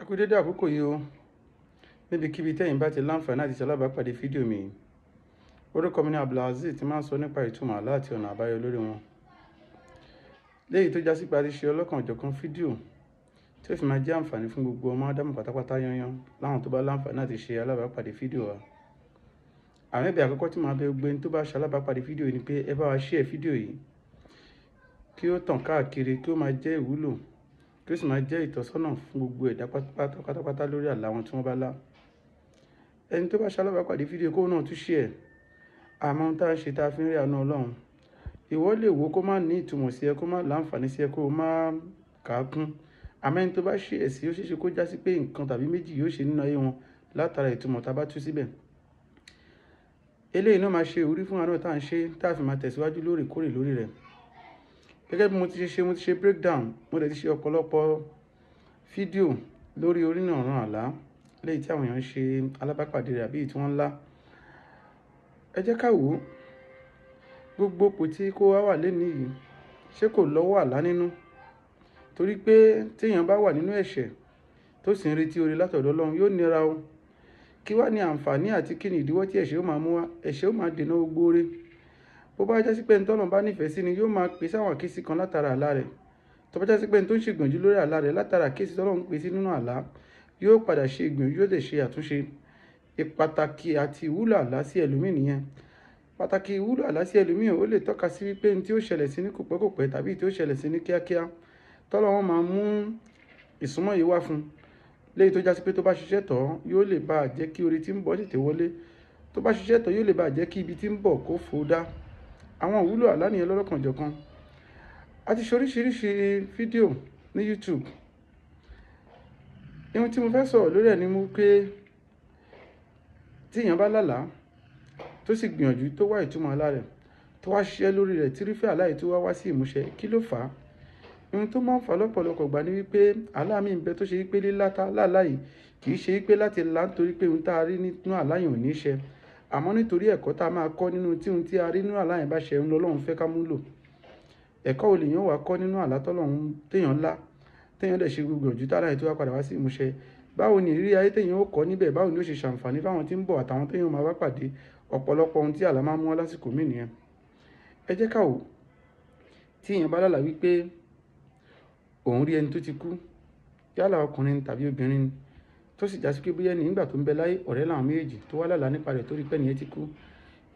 ẹ kú dédé àkókò yìí o níbikíbi tẹ́yìn bá ti láǹfààní àti ṣalábàápàdé fídíò mi orúkọ mi ní abdulhazeez ti máa ń sọ nípa ìtumọ̀ láti ọ̀nà àbáyọ lórí wọn léyìí tó jásí parí ṣe ọlọ́kan ọ̀jọ̀kan fídíò tí ó fi máa jẹ́ àǹfààní fún gbogbo ọmọ ádámù pátápátá yanyan láwọn tó bá láǹfààní àti ṣe alábàápàdé fídíò wa àwọn ẹ̀bẹ̀ àkọ́kọ́ tí màá bẹ̀ gbé tó bá ṣalábàápàdé fídíò yìí ni pé ẹ bá wa ṣe ẹ fídíò yìí kí ó sì máa jẹ́ ìtọ́sọ́nà fún gbogbo ẹ̀dá pátápátá lórí àlá wọn tí wọ́n bá lá ẹni tó bá ṣalábàápàdé fídíò kó náà tún ṣe ẹ̀ àmọ́ ohun tá à ń ṣe tá a fi ń rí àánú ọlọ́run ìwọ lè wo kó má ní ìtumọ̀ sí ẹ kó má láǹfààní sí ẹ kó má kà á kún àmọ́ ẹni tó bá ṣe ẹ̀sìn ó ṣeéṣe kó já sí pé nǹkan tàbí méjì yóò ṣe nínú ayé wọn látara ìtumọ̀ tá a bá tú síbẹ̀ eléyìí náà máa ṣe ìwúrí fún àánú tá à ń ṣe tá a fi máa tẹ̀síwájú lóòrèkóòrè lórí rẹ̀ gẹ́gẹ́ bí mo ti ṣe mo ti ṣe breakdown mo dẹ̀ ti ṣe ọ̀pọ̀lọpọ̀ fídíò lórí orínàràn àlá léyìí tí àwọn èèyàn ṣe alábàápàdé rẹ̀ àbí ìtí wọ́n ńlá ẹ jẹ́ ká wò ó gbogbo òpò tí kó wá wà lénìí yìí ṣé kò lọ́wọ́ àlá nínú torí pé téèyàn bá wà nínú ẹ̀ṣẹ̀ tó sì ń retí oore látọ̀dọ̀ ọlọ́run yóò nira o kí wá ní àǹfààní àti kí ni ìdíwọ́ tí ẹ̀ṣẹ̀ ó máa mú wá ẹ̀ṣẹ̀ ó máa dènà gbogbo oore bó bá jásí pé ẹni tọ́lọ́run bá nífẹ̀ẹ́ sí ni yóò máa pè sáwọn àkíyèsí kan látara àlá rẹ̀ tó bá jásí pé ẹni tó ń ṣègbìyànjú lórí àlá rẹ̀ látara àkíyèsí tọ́lọ́run pè sí nínú àlá yóò padà ṣe ìgbìyànjú yóò dẹ̀ ṣe àtúnṣe ìpàtàkì àti ìwúlò àlá sí ẹlòmíì nìyẹn pàtàkì ìwúlò àlá sí ẹlòmíì ó lè tọ́ka sí wípé tí ó ṣẹlẹ̀ sí ní kòpẹ́kòpẹ́ tàbí tí ó ṣẹlẹ̀ sí ní kíákíá tọ́lọ́run máa mú ìsúnmọ́ yìí wá fún léyìí tó jásí pé tó bá ṣiṣẹ́ tọ́ yóò lè bá jẹ́ kí orí tí ń bọ̀ tètè wọlé tó bá ṣiṣẹ́ tọ́ yóò lè bá jẹ́ kí ibi tí ń bọ̀ kó fò dá àwọn ìwúlò àlá nìyẹn lọ́lọ́kanjọ̀kan a ti ṣe oríṣiríṣi fídíò ní YouTube ohun tí mo fẹ́ sọ̀rọ̀ lórí ẹ̀ ni mo pé tí èèyàn bá lálàá tó sì gbìyànjú tó wá ìtumọ̀ àlá rẹ̀ tó wá ṣiṣẹ́ lórí rẹ̀ tí irúfẹ́ àlá yìí tó wá wá sí ìmúṣẹ kí ló fà á ohun tó máa ń fà lọ́pọ̀lọpọ̀ gbà ni wípé àlá mi ń bẹ tó ṣe wípé líláta láàlá kì í ṣe wípé láti la nítorí pé ohun tá a rí nínú àlá ò ní ṣe àmọ́ nítorí ẹ̀kọ́ tá a máa kọ́ nínú tíhun tí a rí nínú àlá yẹn bá ṣe ń lọ lọ́hún fẹ́ ká mú lò ẹ̀kọ́ olè yẹn wà kọ́ nínú àlá tọ́lọ́hún téèyàn ńlá téèyàn dẹ̀ ṣe gbogbo ojú tára ètò apàdà wá sí ìmúṣẹ báwo ni ìrírí ayé téèyàn ó kọ́ níbẹ̀ báwo ni ó ṣe ṣàǹfààní fáwọn tí ń bọ̀ àtàwọn téèyàn máa bá pàdé ọ̀pọ̀lọpọ̀ ohun tí àlá máa mú wá lásìkò mí nìyẹn ẹ jẹ́ ká wò tí èèyàn bá lálàá wípé òun rí ẹni tó ti kú yálà ọkùnrin tàbí obìnrin ni tó sì jásí pé bóyá nígbà tó ń bẹ láyé ọ̀rẹ́ làwọn méjèèjì tó wá lálàá nípa rẹ̀ tó rí pẹ́ nìyẹn ti kú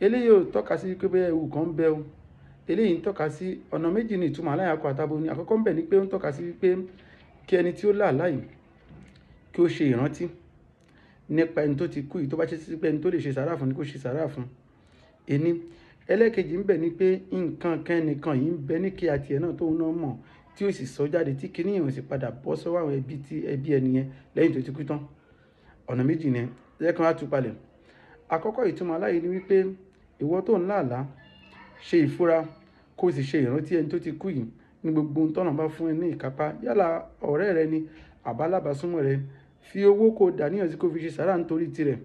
eléyìí ò tọ́ka sí pé bóyá ewu kan ń bẹ o eléyìí ń tọ́ka sí ọ̀nà méjì ní ìtumọ̀ aláyàkọ àtàbò ni àkọ́kọ́ ń bẹ ni pé ó ń tọ́ka sí pé kí ẹni tí ó là láyì kí ó ṣe ìrántí nípa ẹni tó ti kú yìí tó bá ṣe sí pé ẹni tó lè ṣe sàrà fún ni kó ṣe sàrà fún ẹni ẹlẹ́kejì ń bẹ ni pé nǹkan kan ẹnìkan yìí ń bẹ ní kí àtìẹ̀ náà tóun náà mọ̀ tí ó sì sọ jáde tí kinní yẹn ò sì padà bọ́ sọ́wọ́ àwọn ẹbí tí ẹbí ẹnìyẹn lẹ́yìn tó ti kú tán ọ̀nà méjì yẹn lẹ́ẹ̀kan á tú palẹ̀ àkọ́kọ́ ìtumọ̀ aláyé ni wípé ìwọ tó ń láàlá ṣe ìfura kó o sì ṣe ìrántí ẹni tó ti kú yìí ní gbogbo ohun tọ́nà bá fún ẹ ní ìkápá yálà ọ̀rẹ́ rẹ ni àbálábàásùnmọ̀ rẹ fi owó kó o dàníyàn sí kó o fi ṣe sàrà nítorí tirẹ̀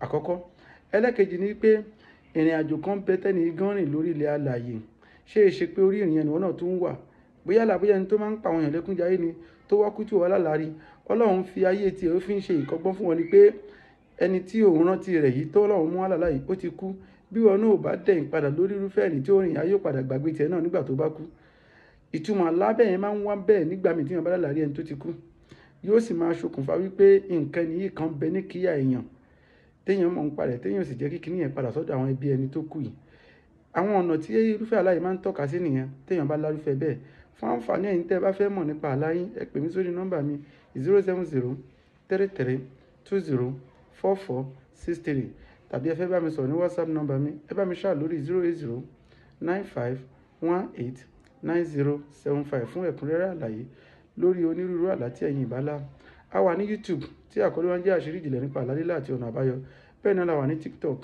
àkọ́kọ́ ẹlẹ́kejì ni pé ìrìn àjò kan bẹ tẹ́ni gan lórí ilẹ̀ alààyè ṣé é ṣe pé orí ìrìn ẹnìwọ́n náà tún wà bóyá làbóyá ẹni tó máa ń pa àwọn èèyàn lẹ́kúnjayé ni tó wá kú tí wọ́n lálàrí ọlọ́run fi ayé tiẹ̀ ó fi ń ṣe ìkọ́gbọ́n fún wọn ni pé ẹni tí òun rántí rẹ̀ yìí tó ọlọ́run mú àlàlá yìí ó ti kú bí wọn náà bá dẹ̀yìn padà lórí irúfẹ́ ẹ̀rìn tí ó rìn ayé padà gbàgbé tiẹ̀ náà nígbà tó bá kú ìtumọ̀ alábẹ́ yẹn máa ń wá bẹ́ẹ̀ nígbà míì tí wọn bá lálàrí ẹni tó ti kú yóò sì máa ṣokùnfà wípé nǹkan nìyí kan bẹ ní kíyà èèyàn téèyàn mọ̀ ń parẹ̀ téèyàn sì jẹ́ kí yẹn padà sọ́dọ̀ àwọn ẹbí ẹni tó kù yìí àwọn ọ̀nà tí irúfẹ́ aláyè máa ń tọ́ka sí nìyẹn téèyàn bá lárúfẹ́ bẹ́ẹ̀ fún àǹfààní ẹ̀yin tẹ́ ẹ bá fẹ́ mọ̀ nípa àlá yín ẹ pè mí sórí nọ́mbà mi zero seven zero three three two zero four four six three tàbí ẹ fẹ́ bá mi sọ̀rọ̀ ní whatsapp nọ́mbà mi ẹ bá mi ṣáà lórí zero eight zero nine five one eight nine zero seven five fún ẹ̀kúnrẹ́rẹ́ àlàyé lórí onírúurú àlá tí ẹ̀yin ìbálá a wà ní youtube tí àkọlé wọn jẹ́ àṣírí ìjìnlẹ̀ nípa àlá lílá àti ọ̀nà àbáyọ bẹ́ẹ̀ náà la wà ní tiktok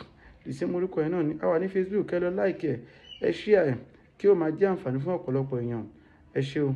ìṣe morúkọ ẹ̀ náà ni a wà ní facebook ẹ lọ láìkẹ́ ẹ ṣíà ẹ̀ kí ó máa jẹ́ àǹfààní fún ọ̀pọ̀lọpọ̀ èèyàn issue